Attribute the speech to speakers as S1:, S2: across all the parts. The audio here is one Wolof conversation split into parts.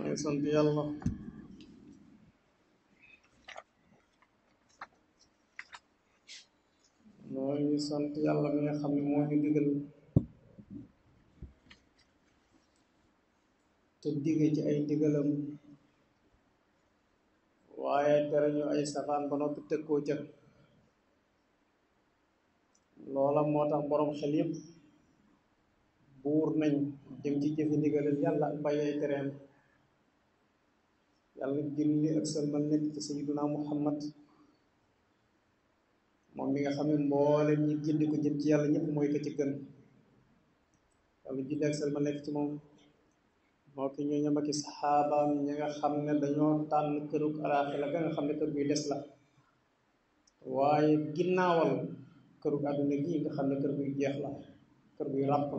S1: وصلي يلا Allah, sant yàlla Allah nga xam ne moo ñu digal te dige ci ay digalam waaye tere ñu ay safaan ba noppi tëkkoo ca loola moo tax borom xel yëpp buur nañ ci ndigalal yàlla ak tereem yalla nag ak ak man nek ci sayyiduna muhammad moom mi nga xamé mbolé ñi jindi ko jëm ci yalla ñepp moy ko ci gën yalla julli ak man nek ci mom moo ki ñoo ñam ak i ñi nga xamné ne dañoo tànn kërug alaaxira ga nga xamné ne kër dess la waye ginnawal kërug aduna gi nga xamné ne kër jeex la kër guy rap la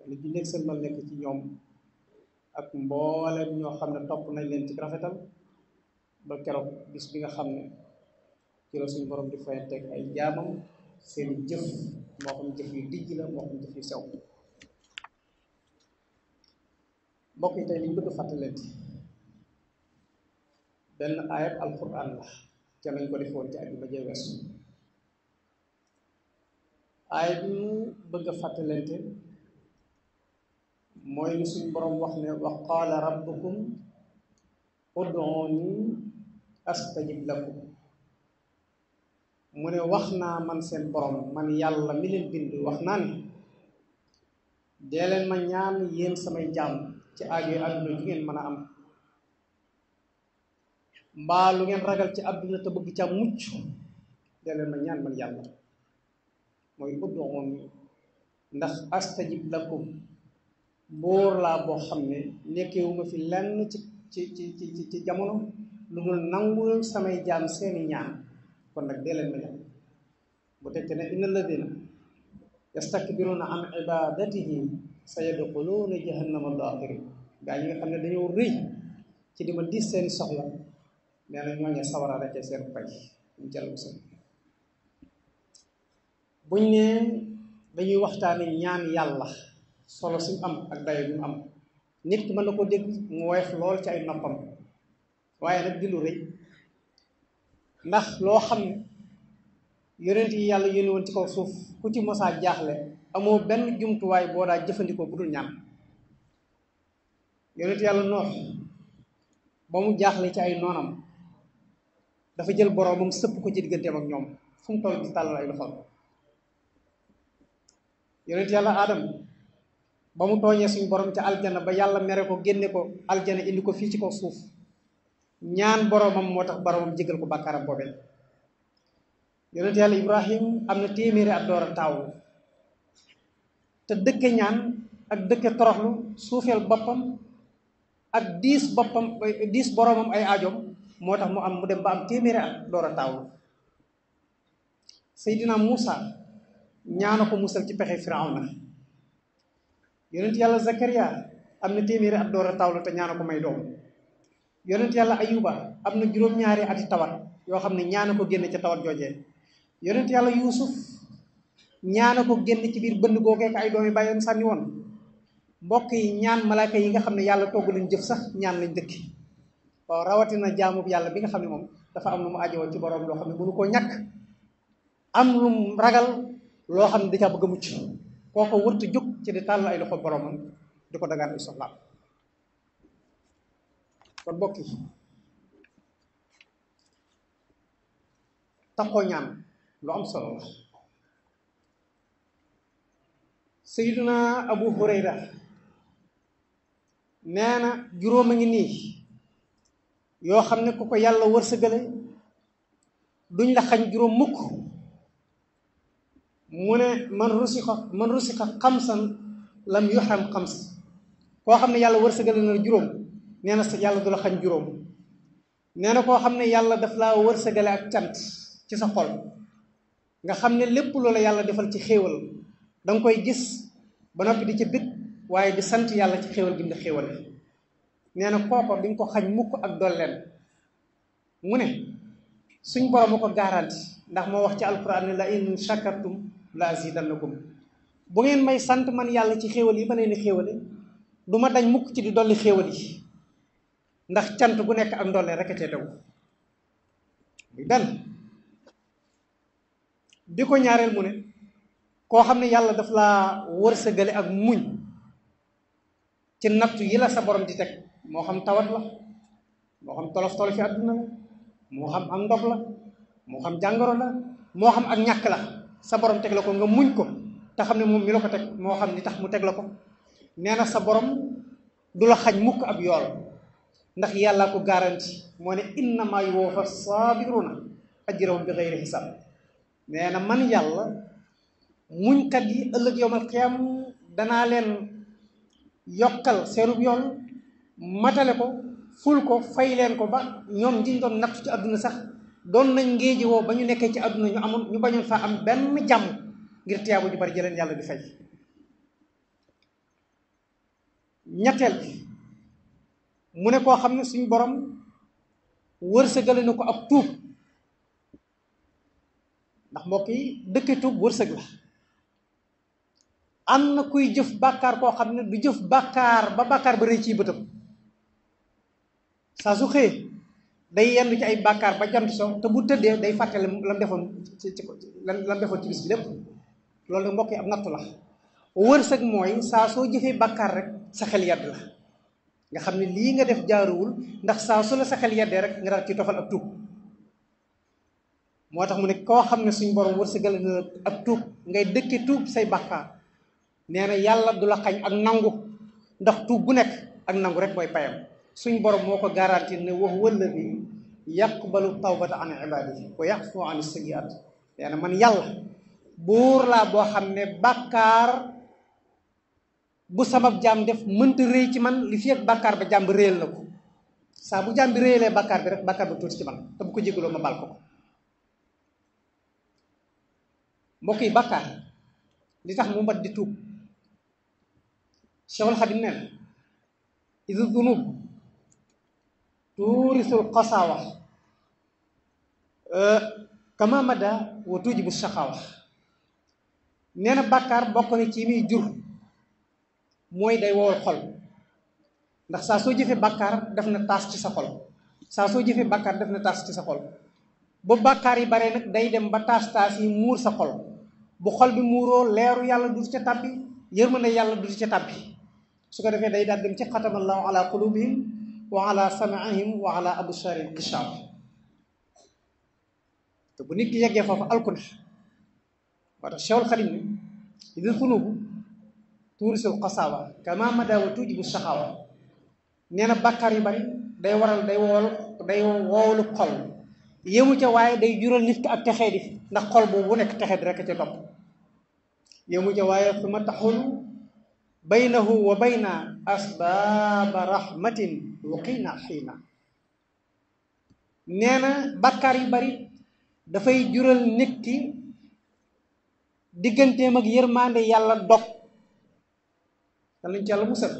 S1: yàlla julli ak man nek ci ñom ak mboolem ño xamne top nañ leen ci rafetal ba keroog bis bi nga xamne ci la suñu borom di fayante ak ay jaamam seen jëf mo xam jëf yu dijj la mo xam jëf yu sew mbokk yi tey liñ bëgg ci ben ayat alquran la ci lañ ko defoon ci àjjuma jee weesu aaya bi mu bëgg fàttalante moy li suñu borom wax ne wa qala rabbukum ud'uni astajib lakum mu ne wax naa man seen borom man yàlla mi leen bind wax naa ne dee leen ma ñaan yéen samay jaam ci aajo àdduna ju ngeen mën a am mbaa lu ngeen ragal ci àdduna te bëgg ca mucc dee leen ma ñaan man yàlla mooy ud'uuni ndax astajib lakum buur laa boo xam ne nekkeewuma fi lenn ci ci ci ci ci jamono lu dul nangul samay jaam seeni ñaan kon nak de leen ma jàpp bu tekk ne inna ladina yastakbiruna an ibadatihi jahannam al-akhir ga yi nga xamne dañu reuy ci dima di seen soxla neena ñoo ñe sawara ci seen pay ñu jallu seen buñ ne dañuy waxtaane ñaan yalla solo si am ak dayo bi am nit ki mën na koo dégg mu woyof lool ci ay noppam waaye nag di rëy ndax loo xam ne yonent yi yàlla yónni ci kaw suuf ku ci mosaa jaaxle amoo benn jumtuwaay boo daa jëfandikoo bu dul ñaan yonent yàlla noox ba mu jaaxle ci ay noonam dafa jël boroomam sëpp ko ci digganteem ak ñoom fu mu toll di tàllal ay loxol yonent yàlla aadama ba mu suñu borom ca aljana ba yalla méré ko génné ko aljana indi ko fi ci ko suuf ñaan boromam motax boromam jigal ko yonent yalla ibrahim amna téméré téeméeri at door a taawu te dëkke ñaan ak dëkk toroxlu suufel bopam ak diis bopam diis boromam ay aajom motax mu am mu dem ba am téméré at doora taw sayidina musa ñaanako musal ci pexé firawna yonent yàlla Zakaria am na téeméeri at door a tawla ta ñaana ko may doom yonent yàlla Ayuba am na juróom-ñaari ati tawat yoo xam ne ñaana ko génn ca tawat joojee yonent yàlla Yuusuf ñaana ko génn ci biir bënd googee ay doom yi bàyyoon sànni woon mbokk yi ñaan malaaka yi nga xam ne yàlla togg lañ jëf sax ñaan lañ dëkki waaw rawatina jaamu yàlla bi nga xam ne moom dafa am lu mu ajowoo ci borom loo xam ne mënu ko ñàkk am lu mu ragal loo xam ne da caa bëgg a mucc kooko wërta jóg ci di tàll ay loxo boromam di ko dagaan ay soxlaam kon mbokk yi lu am solo la sayyiduna abu hurayra nee juróom a ngi nii yoo xam ne ku ko yàlla wërsëgale duñ la xañ juróom mukk mu ne man rusiqa man rusiqa xamsan lam yuxram xamsa koo xam ne yàlla wërsëgal na juróom nee na yàlla du la xañ juróom nee na koo xam ne yàlla daf laa wërsëgale ak cant ci sa xol nga xam ne lépp loola yàlla defal ci xéewal danga koy gis ba noppi di ci bit waaye di sant yàlla ci xéewal gi mu la xéewale nee na kooko ko xañ mukk ak dolleen mu ne suñ borom a ko garanti ndax moo wax ci alquran ne la in shakartum la azidannakum bu ngeen may sant man yalla ci xewal yi ma leen di du ma dañ mukk ci di doli xewal yi ndax cant gu nek ak ndolle rek ci tew muy benn bi mu ne ko xamne yalla daf laa wërsëgale ak muñ ci nattu yi la sa borom di tek mo xam tawat la mo xam tolof tolof yi aduna mo xam am ndox la mo xam jangoro la mo xam ak ñak la sa borom tegle la ko nga muñ ko te xam ne moom mi la ko teg moo xam ni tax mu teg ko nee sa borom du la xañ mukk ab yool ndax yàllaa ko garanti moo ne innama yuwaffa saabiruna ajrahum bi xayri xisaab nee na man yàlla muñkat yi ëllëg yowmal xiyaam danaa leen yokkal seenub yool matale ko ful ko fay leen ko ba ñoom njiñ doon nattu ci àdduna sax doon nañ ngéeji ba ñu nekkee ci àdduna ñu amul ñu bañoon fa am benn jàmm ngir tiyaabu ju bari jëleen yàlla di fay ñetteel bi mu ne koo xam ne suñ borom wërsëgale na ko ab tuub ndax mbokk yi dëkke tuub wërsëg la am na kuy jëf bàkkaar koo xam ne du jëf bàkkaar ba bàkkaar ba rëy ciy bëtam saa su xëyee day yendu ci ay bakkar ba jant so te bu tëddee day fàtte lam defon ci ci lam defon ci bis bi lépp loolu mbokk ab la wërsëg moy sa so jëfee bakkar rek sa xel yedd la nga xamni li nga def jaaruwul ndax sa so la sa xel yedd rek nga dal ci tofal ak tuub motax mu nek ko xam suñ borom wërsëgal na ak tuub ngay dëkke tuub say bakkar neena yalla yàlla du la xañ ak nangu ndax tuub bu nek ak nangu rek mooy payam suñ borom moko ko ne wax wëlladi yaqbalu tawbata an ibadihi wa yaxfu an sayiat nee man yalla buur la bo xamne ne bu sabab jam def menteri reey ci man li jam bàkkaar ba Sabu reel réyal na ko saa bu jam bi reele bàkkaar bi rek bàkkaar ba tuuti ci man te bu ko jégaloo ma bal ko mbokk yi li tax mu mat di tuub cheikhul khadim nena dhunub turisul qasawa eh, kama mada wa tujibu shaqawa neena bakar bokk na ci mi jur moy day wol xol ndax sa so jëfee bakar def na tas ci sa xol sa so jëfee bakar def na tas ci sa xol bu bakar yi bare nak day dem ba tas tas yi mur sa xol bu xol bi muro leeru yalla du ci tabbi yermane yalla du ci tabbi su ko defé day dal dem ci khatamallahu ala qulubihim وعلى سمعهم وعلى أبصارهم غشاوة te bu nit ki yeggee foofu alku na moo tax Cheikhul Khadim ne idil xunubu tuurisul xasaawa kama madaawa tuujibu saxaawa nee na bàkkaar yu bari day waral day wool day woowlu xol yemu ca waaye day jural nit ki ak texee di ndax xol boobu bu nekk texee di rek ca topp yemu ca waaye su ma taxul bainahu wa baina asbab rahmatin wuqina hina neena bakkar bàkkaar yu bari fay jural nit ki digganteem ak yermande yalla dok te lañ ci yàlla musal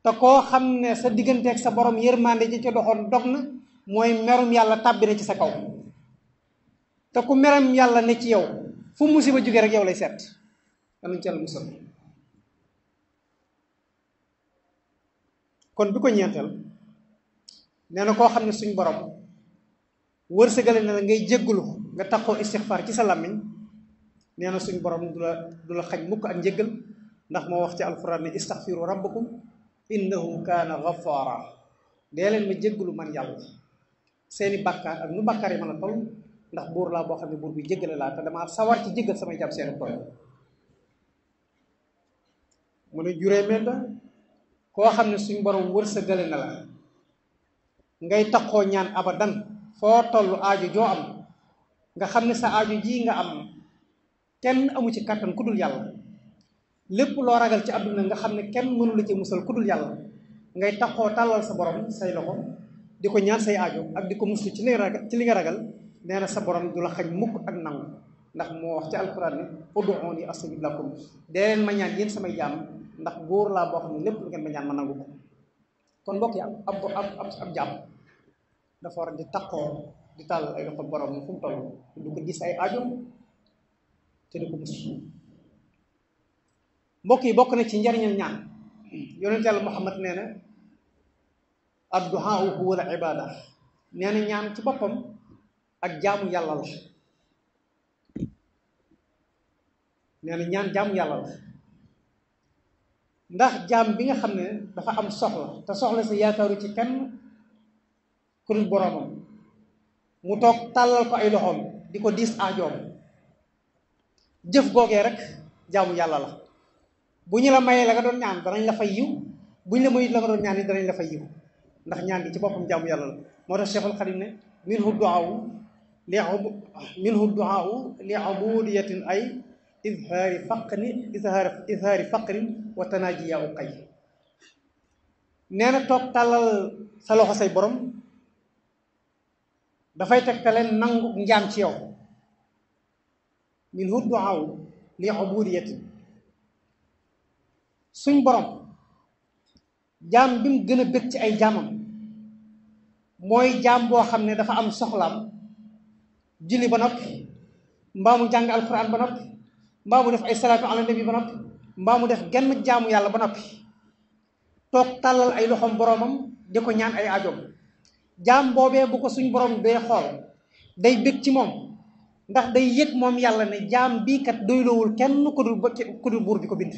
S1: ta ko xamne sa sa ak sa borom yermande ci ci doxon dog na mooy merum yalla tàbbi ci sa kaw ta ku meram yalla ne ci yow fu musiba jóge rek yow lay set te lañ ci musal kon bi ko ñeexal neena ko xamne suñ borom wërsëgale na ngay jéggulu nga taxo istighfar ci salamiñ neena nee suñ borom dula dula du xaj mukk ak jéggal ndax mo wax ci alquran ne istaxfiru rabbakum innahu kana ghaffara deelen ma jéggulu man yalla seeni bakkar ak nu bàkkaar yi mën ndax bur la bo xamne bur bi jéggal la ta dama sawar ci jéggal sama jàpp seen mu ne ko xamne suñu suñ borom wërsëgale na la ngay taxoo ñaan abadan fo tollu aaju jo am nga xamne sa aaju ji nga am kenn amu ci katan kudul yalla lepp lo ragal ci aduna nga xamne kenn mënu la ci musal kudul yalla ngay talal sa borom say loxo di ko ñaan say aaju ak di musu ci li ragal ci li nga ragal neena sa borom dula xañ mukk ak nang ndax mo wax ci alquran ni ud'uuni astajib lakum ma ñaan yeen sama jamm ndax goor la bo xamni lepp lu ngeen ma ñaan man nangu kon bokk yi ya? ab ab ab ab jam dafa war di takko di tal ay loxo borom fu mu toll du ko gis ay ajum te du ko mus mbokk yi bokk iya, na ci njariñal ñaan yonent yàlla muhammad neena ad adduhaa huwa al ibada neena ñaan ci bopam ak jaamu yalla ya la neena ñaan jaamu yalla ya la ndax jam bi nga xamne dafa am soxla te soxla si yaakaaru ci kenn ku dul boromam mu tok talal ko ay loxom di dis a jom jëf goge rek jamu yalla la buñu la maye la nga don ñaan dañ la fay yu bu la mayut la nga don ñaan dañ la fay yu ndax ñaan bi ci bopam jamu yalla la motax cheikhul ne minhu li'ab minhu li'abudiyatin ay izhaari faqni izhaari faqrin watanaaji yaa uqay nee na toog tàllal sa loxo say borom dafay tegtale nangu njaam ci yow min hu duaw li ubudiyati suñ borom jaam bi mu gën a bëgg ci ay jaamam mooy jaam boo xam ne dafa am soxlaam julli ba noppi mbaa mu jàng alquran ba noppi mbaa def ay salaatu ala nabi ba noppi mbaa mu def genn jaamu yàlla ba noppi toog tàllal ay loxom boromam di ko ñaan ay ajoom jaam boobee bu ko suñ borom dee xool day bég ci moom ndax day yëg moom yàlla ne jaam bii kat doyloowul kenn ku dul ku dul buur di ko bind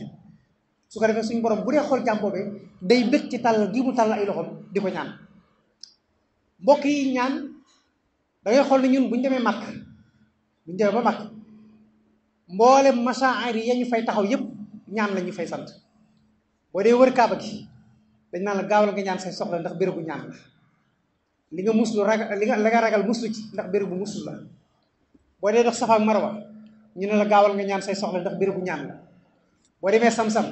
S1: su ko defee suñ borom bu dee xool jaam boobee day bég ci tàll gi mu tàll ay loxom di ko ñaan mbokk yi ñaan da ngay xool ne ñun bu ñu demee màkk bu demee ba màkk mboolem masaari yañu fay taxaw yépp ñaan lañu fay sant bo dé wër kaaba gi dañ na la gaawal nga ñaan say soxla ndax bérébu ñaan la li nga muslu ragal li nga la nga ragal muslu ci ndax bérébu muslu la bo dé dox safa ak marwa ñu na la gaawal nga ñaan say soxla ndax bérébu ñaan la dé demee sam-sam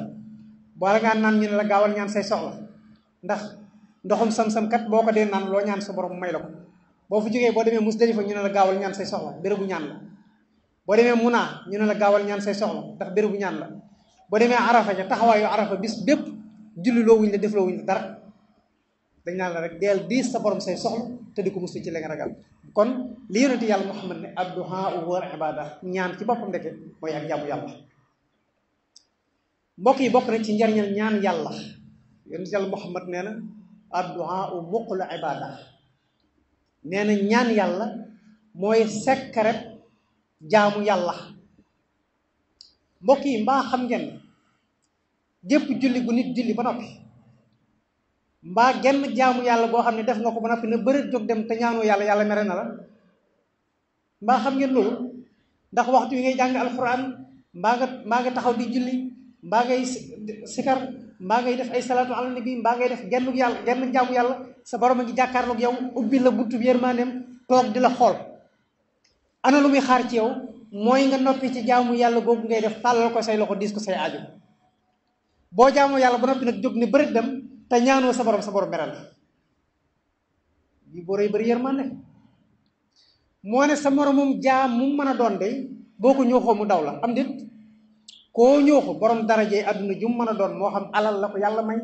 S1: bo la nga naan ñu na la gaawal ñaan say soxla ndax ndoxum sam-sam kat boko dé naan lo ñaan sa borom may la ko bo fu jógee boo demee musdalifa ñu na la gaawal ñaan say soxla bérébu ñaan la ndak démé muna ñu na la gaawal ñaan say soxla ndax ñaan la bo demé arafa ja yu arafa bis bépp julli lo wuñ la def lo wuñ dara dañ na la rek del di sa borom say soxlu te diko musu ci ragal kon li yonati yalla muhammad ne abduha wa ibada ñaan ci bopam ndeke moy ak jabu yalla mbokk yi bokk na ci njariñal ñaan yalla yonati yalla muhammad nee abduha muqul ibada nee ñaan yalla moy sekret jaamu yalla mbokk yi mbaa xam ngeen gépp julli gu nit julli ba noppi mbaa genn jaamu yàlla boo xam ne def nga ko ba noppi na bërëb jóg dem te ñaanoo yàlla yàlla mere na la mbaa xam ngeen loolu ndax waxtu wi ngay jàng alquran mbaa nga mbaa nga taxaw di julli mbaa ngay sikar mbaa ngay def ay salaatu ala nabi mbaa ngay def genn yàlla genn jaamu yàlla sa borom a ngi jàkkaarloog yow ubbi la buntu bi yërmaaneem toog di la xool ana lu muy xaar ci yow moy nga noppi ci jaamu yalla googu ngay def talal ko say loxo dis ko say aju bo jaamu yalla bu noppi nak jog ni bëri dem ta ñaanu sa borom sa borom meral bi bari yar man yërmande mo ne sa mum jaam mu meena don mana de boko ko ñooxoo mu daw la am dit ko ñooxu borom daraje aduna ju meena don mo xam alal la ko yalla may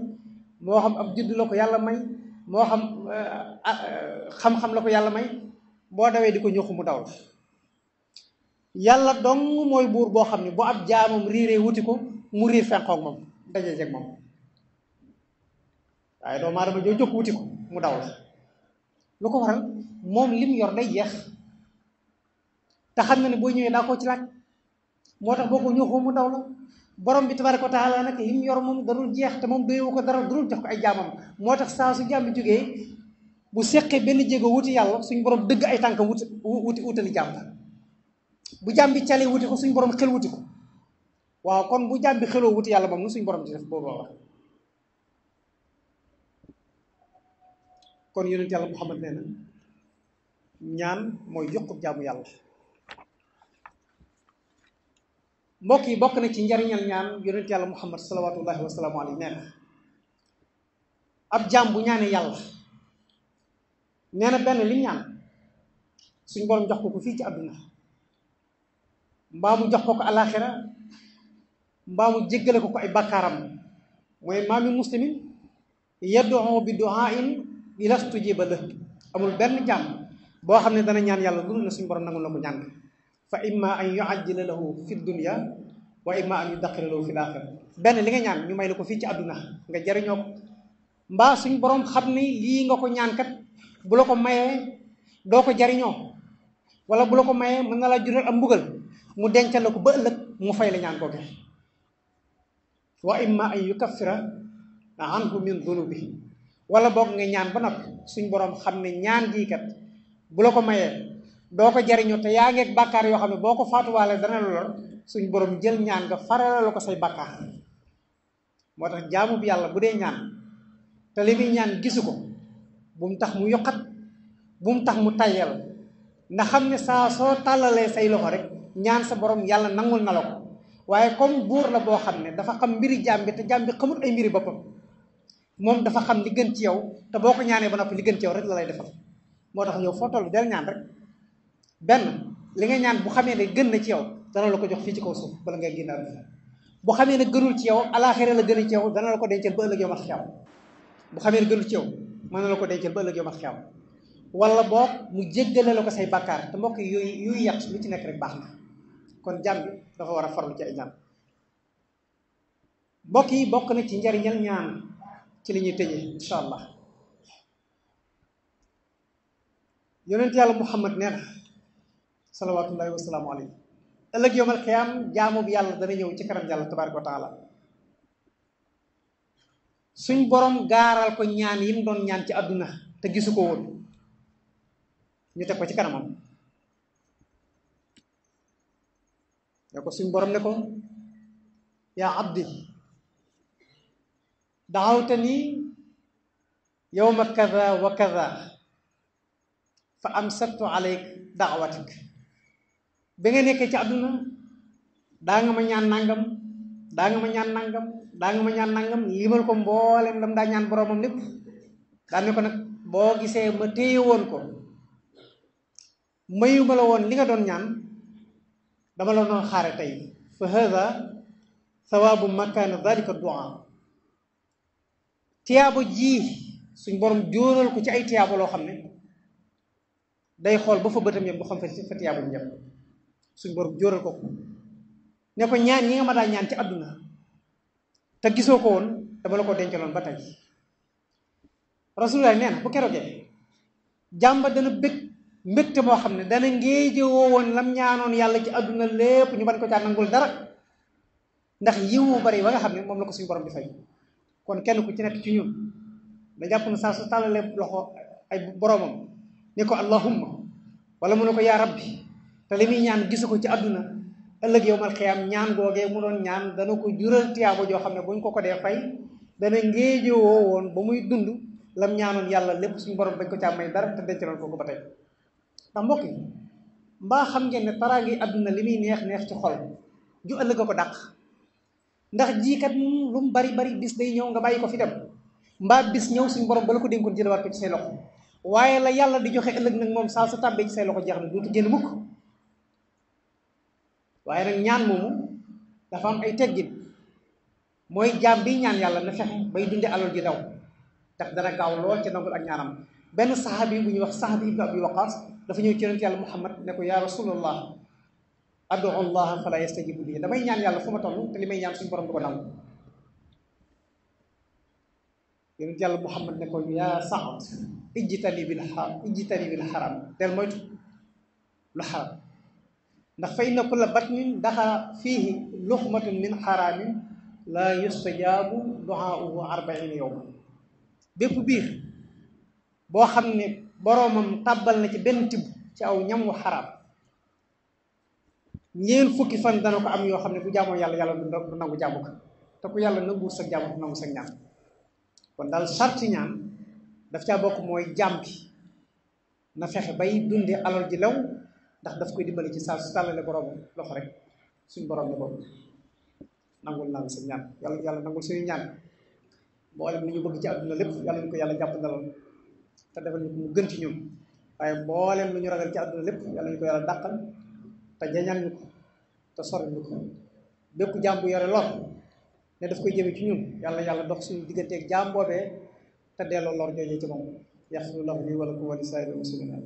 S1: mo xam ab jiddu la ko yalla may mo xam eh, ah, eh, xam-xam la ko yalla may bo dawe di ko ñooxu mu daw yàlla dong mooy buur boo xam ne boo ab jaamam riiree wuti ko mu riir ma mu daje jeg moom waaye doomu aadama joo jóg wuti ko mu daw la ko waral moom lim yor day yeex te xam na ne boo ñëwee daa koo ci laaj moo tax boo ko ñëw mu daw la borom bi tabaraka wa taala nag lim yor moom darul jeex te moom doyewu ko dara darul jox ko ay jaamam moo tax saa su jaam bi jógee bu seqee benn jéego wuti yàlla suñ borom dëgg ay tànk wuti wuti wutali jaam bu jambi bi cale wuti ko suñ borom xel wuti ko waaw kon bu jambi bi wuti yalla mom nu suñ borom di def boobaa wax kon yoonu yalla muhammad neena ñaan moy yokku jamu yalla mbokk yi bokk na ci njariñal ñaan yoonu yalla muhammad sallallahu alaihi alayhi neena ab jam bu ñaané yalla neena ben li ñaan suñ borom jox ko ko fi ci aduna mbaa mu jox ko ko alaxira mbaa mu jéggale ko ko ay bakkaaram mooy maa muslimin yadu bi duain ilastujiba la amul benn jàmm boo xam ne dana ñaan yàlla dul na suñu borom nangul ñaan fa imma an yuajjila lahu fi dunya wa imma an yudaqira lahu fi laaxira benn li nga ñaan ñu may la ko fii ci àdduna nga jariñoo ko mbaa suñ borom xam ni nga ko ñaan kat bu la ko mayee doo ko jariñoo wala bu la ko mën na la jural am mbugal mu dencal ko ba ëlëk mu fay la ñaan googe wa imma ay yukaffira anhu min dhunubi wala bok nga ñaan ba nak suñ borom xamne ñaan gi kat bu la ko maye do ko jariñoo te ya ngeeg bàkkaar yoo xam ne boo ko faatuwaale dana lor suñ borom jël ñaan nga la ko say bàkkaar motax jaamu bi yalla bu dee ñaan te limi ñaan gisuko bu mu tax mu yokkat bu mu tax mu tayel na xamne sa so talale say loxo rek ñaan sa borom yalla nangul nalo waye comme bour la bo xamne dafa xam mbiri jambi te jambi xamul ay mbiri bopam mom dafa xam li gën ci yow te boko ñaané ba nopi li gën ci yow rek la lay defal motax yow foo del ñaan rek ben li nga ñaan bu xamé ne gën na ci yow dana la ko jox fi ci kaw suuf bala ngay génn bu xamé ne gënul ci yow la gën ci yow dana la ko dencel ba ëlëk yow mat xiyam bu xamé ne gënul ci yow mën na la ko dencel ba ëlëk yow xiyam wala bok mu jéggalé la ko say bakkar te mbokk yu lu ci nek rek baxna kon jàng dafa wara farlu ci jamm ñaan mbokk yi bokk na ci njariñal ñaan ci li ñuy tëje inshallah yonent yàlla muhammad nee na salawatullahi wasalaamu alayhi ëllëg yowmal xiyaam jaamu bi yàlla dana ñëw ci karam yàlla tabaraka wa taala suñ borom gaaral ko ñaan yim doon ñaan ci àdduna te gisu ko woon ñu teg ko ci kanamam ne ko suñ borom ne ko yaa abdi daxawta nii yowma kada wa kaza fa amsaktu aleyk daawatik ba nga nekkee ci àdduna daa nga ma ñaan nangam daa nga ma ñaan nangam daa nga ma ñaan nangam limal ko mboolem lam daa ñaan boroomam lépp daa ne ko nag boo gisee ma téye woon ko mayuma la woon li nga doon ñaan dama la doon xaare tey fa hada sawaabu makkaana dhalika dua tiyaabo ji suñ borom jóoral ko ci ay tiyaabo loo xam ne day xool ba fa bëtam yam bu xam fa fa tiyaabo yam suñ borom jóoral ko ne ko ñaan ñi nga ma daa ñaan ci aduna te gisoo ko woon dama la ko dencaloon ba tey rasulullah neena bu keroogee jamba dana bëgg mbégte mo Daneng ne dana ngéeje won lam ñaanon yalla ci aduna lepp ñu ban ko ca nangul dara ndax yiwu bari ba nga xam mom la ko suñu borom di fay kon kenn ku ci nekk ci ñun da japp na sa su talale loxo ay boromam ne ko allahumma wala mu ne ko ya rabbi ta limi ñaan gisu ko ci aduna ëlëk yowmal mal ñaan goge mu doon ñaan dana ko jural tiyabo jo xam buñ ko ko dee fay dana ngéeje won ba muy dund lam ñaanon yalla lepp suñu borom bañ ko ca may dara te dencaloon ko ko batay ta mbokk mba xam ngeen ne taraangi aduna li muy neex neex ci xol ju ëllëg ko dàq ndax jiikat lu mu bari bari bis day ñëw nga bàyyi ko fi dem mba bis ñëw suñ borom ba la ko dénkoon jëlawaat ko ci say loxo waaye la yàlla di joxe ëllëg nag moom saa su tàbbee ci say loxo jeex na dootu génn mukk waaye nag ñaan moomu dafa am ay teggin mooy jaam bi ñaan yàlla na fexe bay dunde alal ji daw ndax dana gaaw lool ci nangul ak ñaanam benn sahabi bu ñuy wax sahabi ibnu abi waqas dafa ñew ci yaronte yalla muhammad ne ko ya rasulullah adu allah fala yastajib li damay ñaan yalla fuma tollu te limay ñaan suñu borom duko nam yaronte yalla muhammad ne ko ya saad ijjitani bil haram ijjitani bil haram. del moytu lu haram ndax fa inna kulla batnin daxa fihi luhmatun min haram, la yustajaabu du'a'uhu 40 yowma bepp biir bo xamne boroomam tàbbal na ci benn tibb ci aw ñam wu ñeen fukki fan dana ko am yoo xam ne bu jaamoo yàlla yàlla du nangu jaamu ko te yàlla nanguwul sa jaamu du nangu ñaan kon daal sarti daf caa bokk mooy jaam na fexe bay dunde alal ji lew ndax daf koy dimbali ci saa su tàllale boroomam loxo rek suñ boroom ne boobu nangul naa sa ñaan yàlla yàlla nangul suñu ñaan mboolem ñu bëgg ci àdduna lépp yàlla ñu ko yàlla jàpp ndaloon te defal ñu mu gën ci ñun waaye mboolem lu ñu ragal ci àdduna lépp yàlla ñu ko yàlla dàqal te jañal ñu ko te sori ñu ko bépp jaam bu yore lor ne daf koy jëme ci ñun yàlla yàlla dox suñu digganteeg jaam boobee te delloo lor joojee ci moom yaxfiru lahu lii wa lakum wa li saa'iril muslimiin